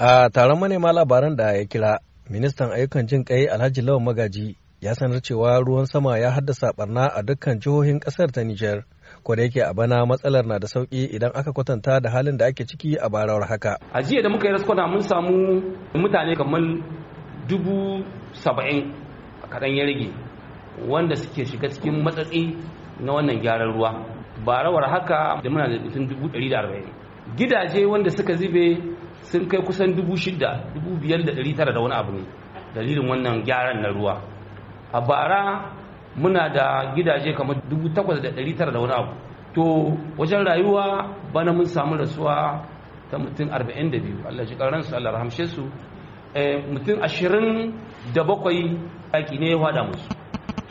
A taron manema labaran da ya kira, ministan ayyukan jin kai Alhaji Lawan Magaji ya sanar cewa ruwan sama ya haddasa barna a dukkan jihohin kasar ta Nijar. Ko da yake a bana matsalar na da sauki idan aka kwatanta da halin da ake ciki a barawar haka. A jiya da muka yi raskwana mun samu mutane kamar dubu saba'in a kaɗan ya rage wanda suke shiga cikin matsatsi na wannan gyaran ruwa. Barawar haka da muna da dubu ɗari da arba'in. gidaje wanda suka zube sun kai kusan 6,500 da wani abu ne dalilin wannan gyaran na ruwa a bara muna da gidaje kamar 8,900 da wani abu to wajen rayuwa bana mun samu rasuwa ta mutum 42 Allah karan su Allah rahamshe su eh, mutum 27 aiki ne ya wada musu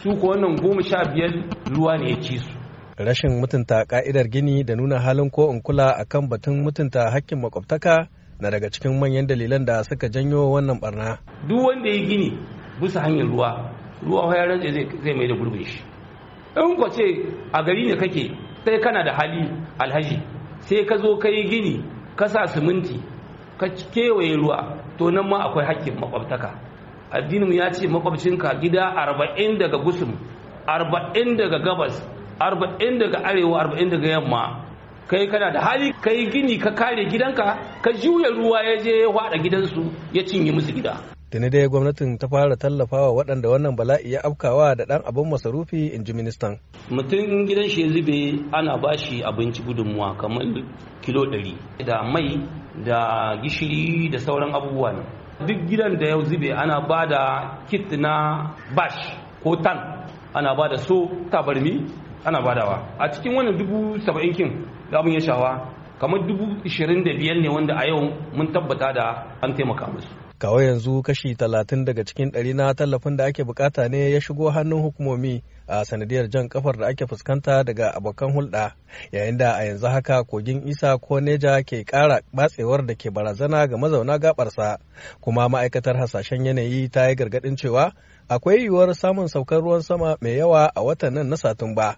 su ko wannan 15 ruwa ne ya ci su rashin mutunta ka'idar gini da nuna halin ko in kula a kan batun mutunta hakkin makwabtaka na daga cikin manyan dalilan da suka janyo wannan barna duk wanda ya gini bisa hanyar ruwa ruwa ya rantse zai mai da gurbin shi in ko ce a gari ne kake sai kana da hali alhaji sai ka zo ka yi gini ka sa siminti ka kewaye ruwa to nan ma akwai hakkin makwabtaka addinin ya ce makwabcinka gida arba'in daga gusum arba'in daga gabas arba'in daga arewa arba'in daga yamma kai kana da hali kai gini ka kare gidanka ka juya ruwa ya je ya hada gidansu ya cinye musu gida tuni dai gwamnatin ta fara tallafawa waɗanda wannan bala'i ya afkawa da ɗan abin masarufi in ji ministan mutum gidan shi zube ana ba shi abinci gudunmuwa kamar kilo ɗari da mai da gishiri da sauran abubuwa ne duk gidan da yau zube ana ba da kit na bash ko tan ana ba da so tabarmi ana badawa a cikin wannan dubu saba'in kin da abin ya shawa kamar dubu ishirin da biyar ne wanda a yau mun tabbata da an taimaka musu kawai yanzu kashi talatin daga cikin ɗari na tallafin da ake bukata ne ya shigo hannun hukumomi a sanadiyar jan kafar da ake fuskanta daga abokan hulɗa yayin da a yanzu haka kogin isa ko neja ke ƙara batsewar da ke barazana ga mazauna gabarsa kuma ma'aikatar hasashen yanayi ta yi gargaɗin cewa akwai yiwuwar samun saukar ruwan sama mai yawa a watan nan na satumba